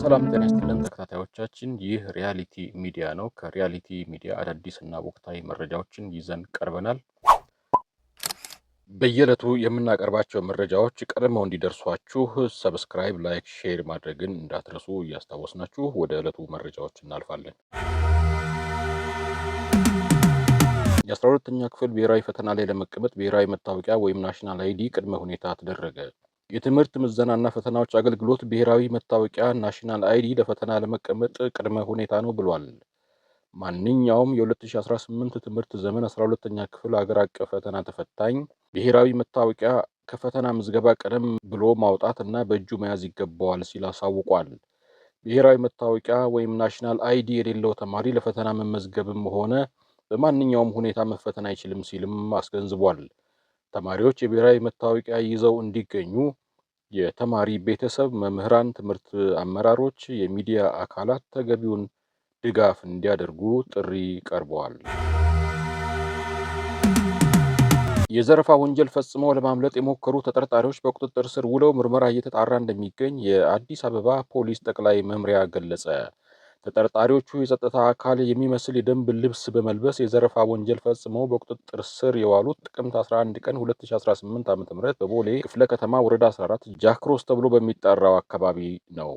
ሰላም ጤና ይስጥልን ተከታታዮቻችን፣ ይህ ሪያሊቲ ሚዲያ ነው። ከሪያሊቲ ሚዲያ አዳዲስ እና ወቅታዊ መረጃዎችን ይዘን ቀርበናል። በየዕለቱ የምናቀርባቸው መረጃዎች ቀድመው እንዲደርሷችሁ ሰብስክራይብ፣ ላይክ፣ ሼር ማድረግን እንዳትረሱ እያስታወስናችሁ ወደ ዕለቱ መረጃዎች እናልፋለን። የአስራ ሁለተኛ ክፍል ብሔራዊ ፈተና ላይ ለመቀመጥ ብሔራዊ መታወቂያ ወይም ናሽናል አይዲ ቅድመ ሁኔታ ተደረገ። የትምህርት ምዘናና ፈተናዎች አገልግሎት ብሔራዊ መታወቂያ ናሽናል አይዲ ለፈተና ለመቀመጥ ቅድመ ሁኔታ ነው ብሏል። ማንኛውም የ2018 ትምህርት ዘመን 12ኛ ክፍል አገር አቀፍ ፈተና ተፈታኝ ብሔራዊ መታወቂያ ከፈተና ምዝገባ ቀደም ብሎ ማውጣት እና በእጁ መያዝ ይገባዋል ሲል አሳውቋል። ብሔራዊ መታወቂያ ወይም ናሽናል አይዲ የሌለው ተማሪ ለፈተና መመዝገብም ሆነ በማንኛውም ሁኔታ መፈተን አይችልም ሲልም አስገንዝቧል። ተማሪዎች የብሔራዊ መታወቂያ ይዘው እንዲገኙ የተማሪ ቤተሰብ፣ መምህራን፣ ትምህርት አመራሮች፣ የሚዲያ አካላት ተገቢውን ድጋፍ እንዲያደርጉ ጥሪ ቀርበዋል። የዘረፋ ወንጀል ፈጽመው ለማምለጥ የሞከሩ ተጠርጣሪዎች በቁጥጥር ስር ውለው ምርመራ እየተጣራ እንደሚገኝ የአዲስ አበባ ፖሊስ ጠቅላይ መምሪያ ገለጸ። ተጠርጣሪዎቹ የጸጥታ አካል የሚመስል የደንብ ልብስ በመልበስ የዘረፋ ወንጀል ፈጽመው በቁጥጥር ስር የዋሉት ጥቅምት 11 ቀን 2018 ዓ ም በቦሌ ክፍለ ከተማ ወረዳ 14 ጃክሮስ ተብሎ በሚጠራው አካባቢ ነው።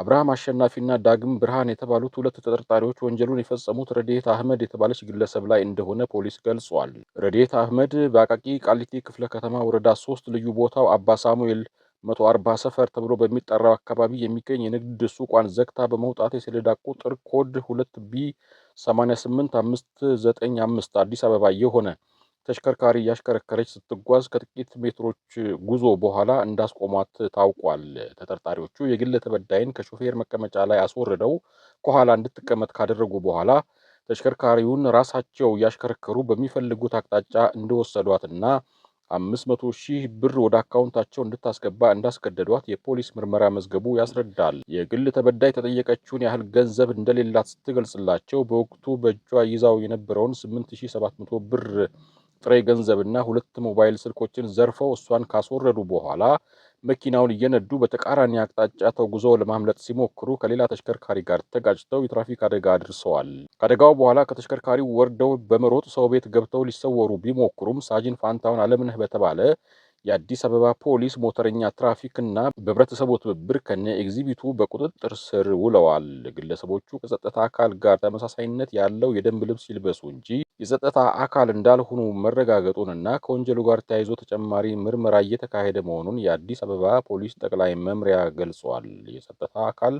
አብርሃም አሸናፊና ዳግም ብርሃን የተባሉት ሁለት ተጠርጣሪዎች ወንጀሉን የፈጸሙት ረድኤት አህመድ የተባለች ግለሰብ ላይ እንደሆነ ፖሊስ ገልጿል። ረድኤት አህመድ በአቃቂ ቃሊቲ ክፍለ ከተማ ወረዳ ሶስት ልዩ ቦታው አባ ሳሙኤል መቶ አርባ ሰፈር ተብሎ በሚጠራው አካባቢ የሚገኝ የንግድ ሱቋን ዘግታ በመውጣት የሰሌዳ ቁጥር ኮድ ሁለት ቢ 88595 አዲስ አበባ የሆነ ተሽከርካሪ እያሽከረከረች ስትጓዝ ከጥቂት ሜትሮች ጉዞ በኋላ እንዳስቆሟት ታውቋል። ተጠርጣሪዎቹ የግል ተበዳይን ከሾፌር መቀመጫ ላይ አስወርደው ከኋላ እንድትቀመጥ ካደረጉ በኋላ ተሽከርካሪውን ራሳቸው እያሽከረከሩ በሚፈልጉት አቅጣጫ እንደወሰዷትና መቶ ሺህ ብር ወደ አካውንታቸው እንድታስገባ እንዳስገደዷት የፖሊስ ምርመራ መዝገቡ ያስረዳል። የግል ተበዳይ ተጠየቀችውን ያህል ገንዘብ እንደሌላት ስትገልጽላቸው በወቅቱ በእጇ ይዛው የነበረውን 8700 ብር ጥሬ ገንዘብና ሁለት ሞባይል ስልኮችን ዘርፈው እሷን ካስወረዱ በኋላ መኪናውን እየነዱ በተቃራኒ አቅጣጫ ተጉዞ ለማምለጥ ሲሞክሩ ከሌላ ተሽከርካሪ ጋር ተጋጭተው የትራፊክ አደጋ አድርሰዋል። ከአደጋው በኋላ ከተሽከርካሪው ወርደው በመሮጥ ሰው ቤት ገብተው ሊሰወሩ ቢሞክሩም ሳጅን ፋንታውን አለምነህ በተባለ የአዲስ አበባ ፖሊስ ሞተረኛ ትራፊክ እና በህብረተሰቡ ትብብር ከነ ኤግዚቢቱ በቁጥጥር ስር ውለዋል። ግለሰቦቹ ከጸጥታ አካል ጋር ተመሳሳይነት ያለው የደንብ ልብስ ይልበሱ እንጂ የጸጥታ አካል እንዳልሆኑ እና ከወንጀሉ ጋር ተያይዞ ተጨማሪ ምርመራ እየተካሄደ መሆኑን የአዲስ አበባ ፖሊስ ጠቅላይ መምሪያ ገልጿል። የጸጥታ አካል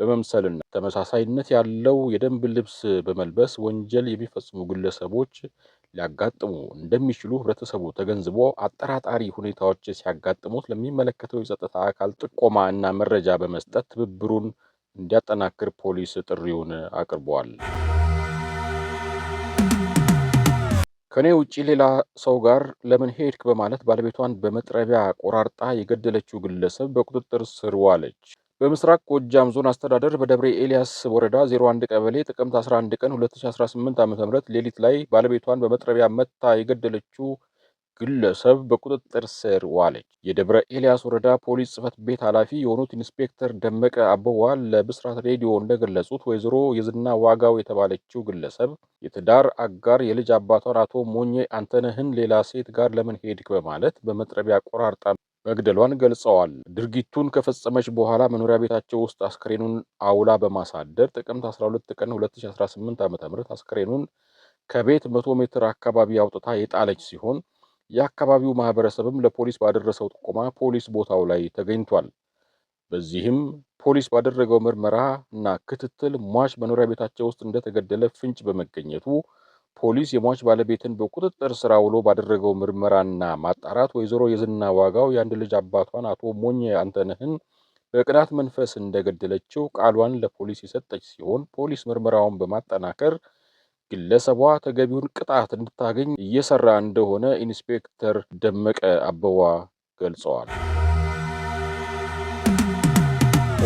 በመምሰልና ተመሳሳይነት ያለው የደንብ ልብስ በመልበስ ወንጀል የሚፈጽሙ ግለሰቦች ሊያጋጥሙ እንደሚችሉ ህብረተሰቡ ተገንዝቦ አጠራጣሪ ሁኔታዎች ሲያጋጥሙት ለሚመለከተው የጸጥታ አካል ጥቆማ እና መረጃ በመስጠት ትብብሩን እንዲያጠናክር ፖሊስ ጥሪውን አቅርበዋል። ከእኔ ውጭ ሌላ ሰው ጋር ለምን ሄድክ በማለት ባለቤቷን በመጥረቢያ ቆራርጣ የገደለችው ግለሰብ በቁጥጥር ስር ዋለች። በምስራቅ ጎጃም ዞን አስተዳደር በደብረ ኤልያስ ወረዳ 01 ቀበሌ ጥቅምት 11 ቀን 2018 ዓ ም ሌሊት ላይ ባለቤቷን በመጥረቢያ መታ የገደለችው ግለሰብ በቁጥጥር ስር ዋለች። የደብረ ኤልያስ ወረዳ ፖሊስ ጽፈት ቤት ኃላፊ የሆኑት ኢንስፔክተር ደመቀ አበዋ ለብስራት ሬዲዮ እንደገለጹት ወይዘሮ የዝና ዋጋው የተባለችው ግለሰብ የትዳር አጋር የልጅ አባቷን አቶ ሞኜ አንተነህን ሌላ ሴት ጋር ለምን ሄድክ በማለት በመጥረቢያ ቆራርጣ መግደሏን ገልጸዋል። ድርጊቱን ከፈጸመች በኋላ መኖሪያ ቤታቸው ውስጥ አስክሬኑን አውላ በማሳደር ጥቅምት 12 ቀን 2018 ዓ ም አስክሬኑን ከቤት 100 ሜትር አካባቢ አውጥታ የጣለች ሲሆን የአካባቢው ማህበረሰብም ለፖሊስ ባደረሰው ጥቆማ ፖሊስ ቦታው ላይ ተገኝቷል። በዚህም ፖሊስ ባደረገው ምርመራ እና ክትትል ሟች መኖሪያ ቤታቸው ውስጥ እንደተገደለ ፍንጭ በመገኘቱ ፖሊስ የሟች ባለቤትን በቁጥጥር ስር ውሎ ባደረገው ምርመራና ማጣራት ወይዘሮ የዝና ዋጋው የአንድ ልጅ አባቷን አቶ ሞኝ አንተነህን በቅናት መንፈስ እንደገደለችው ቃሏን ለፖሊስ የሰጠች ሲሆን ፖሊስ ምርመራውን በማጠናከር ግለሰቧ ተገቢውን ቅጣት እንድታገኝ እየሰራ እንደሆነ ኢንስፔክተር ደመቀ አበዋ ገልጸዋል።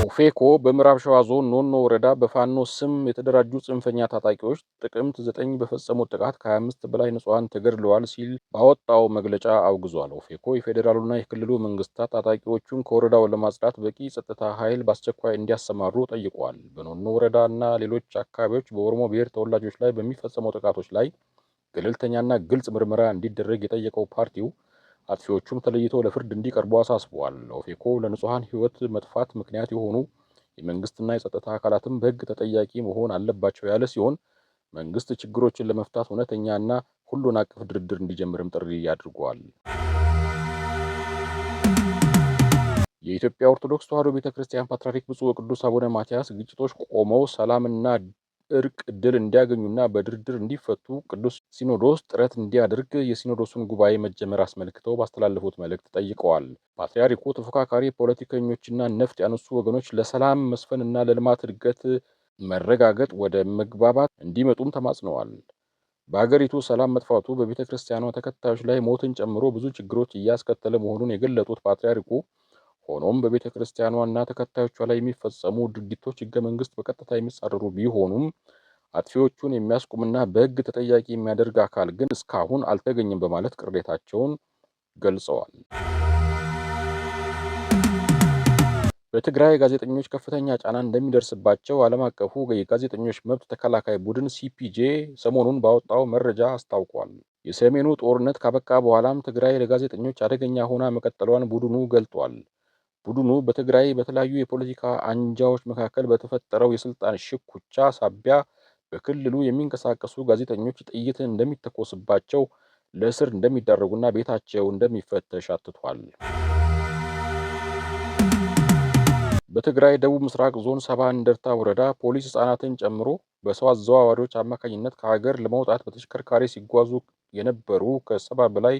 ኦፌኮ በምዕራብ ሸዋ ዞን ኖኖ ወረዳ በፋኖ ስም የተደራጁ ጽንፈኛ ታጣቂዎች ጥቅምት ዘጠኝ በፈጸሙት ጥቃት ከ25 በላይ ንጹሐን ተገድለዋል ሲል ባወጣው መግለጫ አውግዟል። ኦፌኮ የፌዴራሉና የክልሉ መንግስታት ታጣቂዎቹን ከወረዳው ለማጽዳት በቂ ጸጥታ ኃይል በአስቸኳይ እንዲያሰማሩ ጠይቋል። በኖኖ ወረዳ እና ሌሎች አካባቢዎች በኦሮሞ ብሔር ተወላጆች ላይ በሚፈጸሙ ጥቃቶች ላይ ገለልተኛና ግልጽ ምርመራ እንዲደረግ የጠየቀው ፓርቲው አጥፊዎቹም ተለይተው ለፍርድ እንዲቀርቡ አሳስበዋል። ኦፌኮ ለንጹሐን ህይወት መጥፋት ምክንያት የሆኑ የመንግስትና የጸጥታ አካላትም በህግ ተጠያቂ መሆን አለባቸው ያለ ሲሆን መንግስት ችግሮችን ለመፍታት እውነተኛና ሁሉን አቀፍ ድርድር እንዲጀምርም ጥሪ አድርጓል። የኢትዮጵያ ኦርቶዶክስ ተዋሕዶ ቤተ ክርስቲያን ፓትርያርክ ብፁዕ ወቅዱስ አቡነ ማትያስ ግጭቶች ቆመው ሰላምና እርቅ እድል እንዲያገኙና በድርድር እንዲፈቱ ቅዱስ ሲኖዶስ ጥረት እንዲያደርግ የሲኖዶሱን ጉባኤ መጀመር አስመልክተው ባስተላለፉት መልእክት ጠይቀዋል። ፓትርያርኩ ተፎካካሪ ፖለቲከኞችና ነፍጥ ያነሱ ወገኖች ለሰላም መስፈንና ለልማት እድገት መረጋገጥ ወደ መግባባት እንዲመጡም ተማጽነዋል። በሀገሪቱ ሰላም መጥፋቱ በቤተ ክርስቲያኗ ተከታዮች ላይ ሞትን ጨምሮ ብዙ ችግሮች እያስከተለ መሆኑን የገለጡት ፓትርያርኩ ሆኖም በቤተ እና ተከታዮቿ ላይ የሚፈጸሙ ድርጊቶች ህገ መንግስት በቀጥታ የሚጻረሩ ቢሆኑም አጥፊዎቹን የሚያስቁምና በህግ ተጠያቂ የሚያደርግ አካል ግን እስካሁን አልተገኘም በማለት ቅሬታቸውን ገልጸዋል። በትግራይ ጋዜጠኞች ከፍተኛ ጫና እንደሚደርስባቸው ዓለም አቀፉ የጋዜጠኞች መብት ተከላካይ ቡድን ሲፒጄ ሰሞኑን ባወጣው መረጃ አስታውቋል። የሰሜኑ ጦርነት ካበቃ በኋላም ትግራይ ለጋዜጠኞች አደገኛ ሆና መቀጠሏን ቡድኑ ገልጧል። ቡድኑ በትግራይ በተለያዩ የፖለቲካ አንጃዎች መካከል በተፈጠረው የስልጣን ሽኩቻ ሳቢያ በክልሉ የሚንቀሳቀሱ ጋዜጠኞች ጥይት እንደሚተኮስባቸው፣ ለእስር እንደሚዳረጉና ቤታቸው እንደሚፈተሽ አትቷል። በትግራይ ደቡብ ምስራቅ ዞን ሰባ እንደርታ ወረዳ ፖሊስ ህጻናትን ጨምሮ በሰው አዘዋዋሪዎች አማካኝነት ከሀገር ለመውጣት በተሽከርካሪ ሲጓዙ የነበሩ ከሰባ በላይ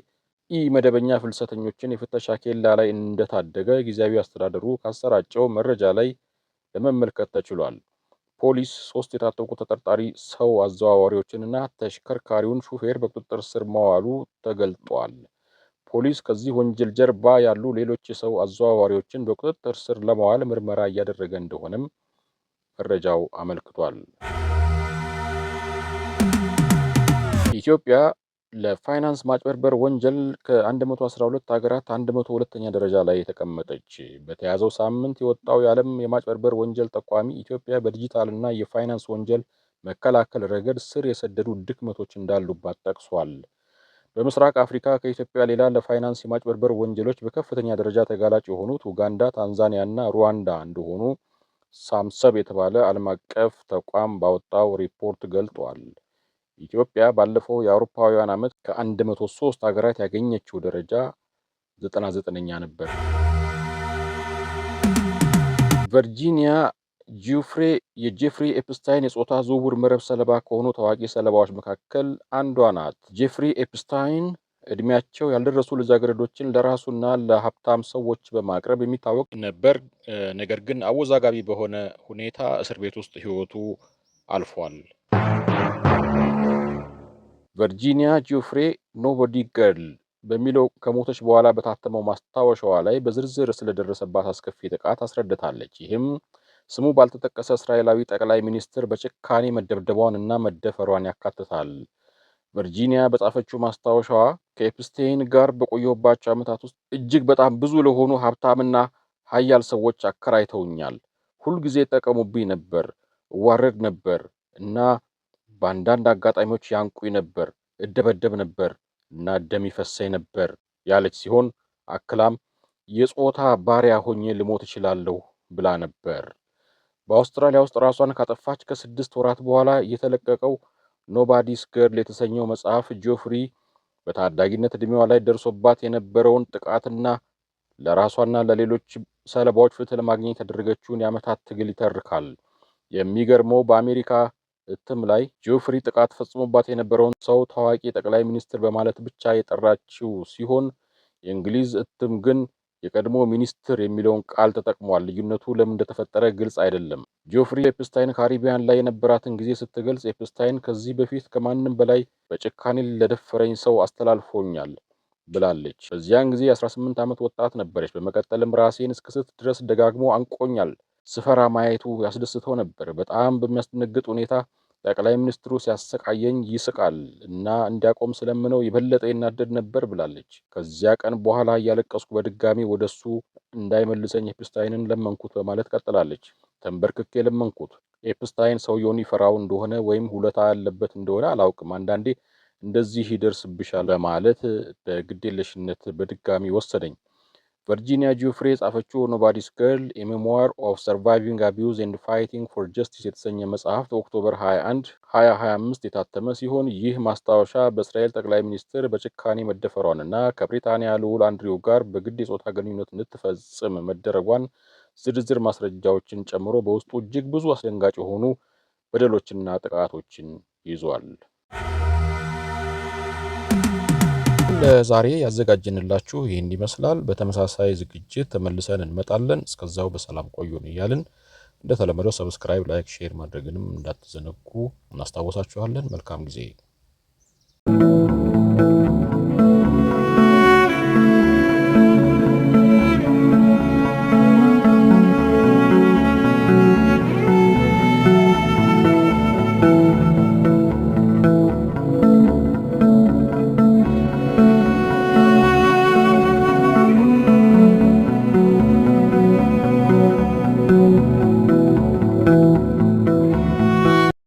ኢ መደበኛ ፍልሰተኞችን የፍተሻ ኬላ ላይ እንደታደገ ጊዜያዊ አስተዳደሩ ካሰራጨው መረጃ ላይ ለመመልከት ተችሏል። ፖሊስ ሶስት የታጠቁ ተጠርጣሪ ሰው እና ተሽከርካሪውን ሹፌር በቁጥጥር ስር መዋሉ ተገልጧል። ፖሊስ ከዚህ ወንጀል ጀርባ ያሉ ሌሎች የሰው አዘዋዋሪዎችን በቁጥጥር ስር ለመዋል ምርመራ እያደረገ እንደሆነም መረጃው አመልክቷል። ኢትዮጵያ ለፋይናንስ ማጭበርበር ወንጀል ከ112 ሀገራት 102ኛ ደረጃ ላይ የተቀመጠች። በተያዘው ሳምንት የወጣው የዓለም የማጭበርበር ወንጀል ጠቋሚ ኢትዮጵያ በዲጂታልና የፋይናንስ ወንጀል መከላከል ረገድ ስር የሰደዱ ድክመቶች እንዳሉባት ጠቅሷል። በምስራቅ አፍሪካ ከኢትዮጵያ ሌላ ለፋይናንስ የማጭበርበር ወንጀሎች በከፍተኛ ደረጃ ተጋላጭ የሆኑት ኡጋንዳ፣ ታንዛኒያ እና ሩዋንዳ እንደሆኑ ሳምሰብ የተባለ ዓለም አቀፍ ተቋም ባወጣው ሪፖርት ገልጧል። ኢትዮጵያ ባለፈው የአውሮፓውያን ዓመት ከ103 ሀገራት ያገኘችው ደረጃ 99ኛ ነበር። ቨርጂኒያ ጂፍሬ የጄፍሪ ኤፕስታይን የጾታ ዝውውር መረብ ሰለባ ከሆኑ ታዋቂ ሰለባዎች መካከል አንዷ ናት። ጄፍሪ ኤፕስታይን እድሜያቸው ያልደረሱ ልጃገረዶችን ለራሱና ለሀብታም ሰዎች በማቅረብ የሚታወቅ ነበር። ነገር ግን አወዛጋቢ በሆነ ሁኔታ እስር ቤት ውስጥ ህይወቱ አልፏል። ቨርጂኒያ ጂፍሬ ኖቦዲ ገርል በሚለው ከሞተች በኋላ በታተመው ማስታወሻዋ ላይ በዝርዝር ስለደረሰባት አስከፊ ጥቃት አስረድታለች። ይህም ስሙ ባልተጠቀሰ እስራኤላዊ ጠቅላይ ሚኒስትር በጭካኔ መደብደቧን እና መደፈሯን ያካትታል። ቨርጂኒያ በጻፈችው ማስታወሻዋ ከኤፕስቴይን ጋር በቆየሁባቸው ዓመታት ውስጥ እጅግ በጣም ብዙ ለሆኑ ሀብታምና ሀያል ሰዎች አከራይተውኛል። ሁልጊዜ ጠቀሙብኝ ነበር፣ እዋረድ ነበር እና በአንዳንድ አጋጣሚዎች ያንቁኝ ነበር፣ እደበደብ ነበር እና ደም ይፈሰኝ ነበር ያለች ሲሆን አክላም የጾታ ባሪያ ሆኜ ልሞት እችላለሁ ብላ ነበር። በአውስትራሊያ ውስጥ ራሷን ካጠፋች ከስድስት ወራት በኋላ የተለቀቀው ኖባዲስ ገርል የተሰኘው መጽሐፍ ጆፍሪ በታዳጊነት ዕድሜዋ ላይ ደርሶባት የነበረውን ጥቃትና ለራሷና ለሌሎች ሰለባዎች ፍትህ ለማግኘት ያደረገችውን የዓመታት ትግል ይተርካል። የሚገርመው በአሜሪካ እትም ላይ ጂኦፍሪ ጥቃት ፈጽሞባት የነበረውን ሰው ታዋቂ ጠቅላይ ሚኒስትር በማለት ብቻ የጠራችው ሲሆን የእንግሊዝ እትም ግን የቀድሞ ሚኒስትር የሚለውን ቃል ተጠቅሟል። ልዩነቱ ለምን እንደተፈጠረ ግልጽ አይደለም። ጆፍሪ ኤፕስታይን ካሪቢያን ላይ የነበራትን ጊዜ ስትገልጽ ኤፕስታይን ከዚህ በፊት ከማንም በላይ በጭካኔ ለደፈረኝ ሰው አስተላልፎኛል ብላለች። በዚያን ጊዜ 18 ዓመት ወጣት ነበረች። በመቀጠልም ራሴን እስክስት ድረስ ደጋግሞ አንቆኛል። ስፈራ ማየቱ ያስደስተው ነበር። በጣም በሚያስደነግጥ ሁኔታ ጠቅላይ ሚኒስትሩ ሲያሰቃየኝ ይስቃል እና እንዲያቆም ስለምነው የበለጠ ይናደድ ነበር ብላለች። ከዚያ ቀን በኋላ እያለቀስኩ በድጋሚ ወደ እሱ እንዳይመልሰኝ ኤፕስታይንን ለመንኩት በማለት ቀጥላለች። ተንበርክኬ ለመንኩት። ኤፕስታይን ሰውየውን ይፈራው እንደሆነ ወይም ሁለታ ያለበት እንደሆነ አላውቅም። አንዳንዴ እንደዚህ ይደርስብሻል በማለት በግዴለሽነት በድጋሚ ወሰደኝ። ቨርጂኒያ ጂውፍሬ የጻፈችው ኖባዲስ ገርል የሜሞር ኦፍ ሰርቫይቪንግ አቢዩዝ ኤንድ ፋይቲንግ ፎር ጀስቲስ የተሰኘ መጽሐፍ ኦክቶበር 21 2025 የታተመ ሲሆን ይህ ማስታወሻ በእስራኤል ጠቅላይ ሚኒስትር በጭካኔ መደፈሯንና ከብሪታንያ ልዑል አንድሪው ጋር በግድ የጾታ ግንኙነት እንድትፈጽም መደረጓን ዝርዝር ማስረጃዎችን ጨምሮ በውስጡ እጅግ ብዙ አስደንጋጭ የሆኑ በደሎችና ጥቃቶችን ይዟል። ለዛሬ ያዘጋጀንላችሁ ይህን ይመስላል። በተመሳሳይ ዝግጅት ተመልሰን እንመጣለን። እስከዛው በሰላም ቆዩን እያልን እንደተለመደው ሰብስክራይብ፣ ላይክ፣ ሼር ማድረግንም እንዳትዘነጉ እናስታወሳችኋለን። መልካም ጊዜ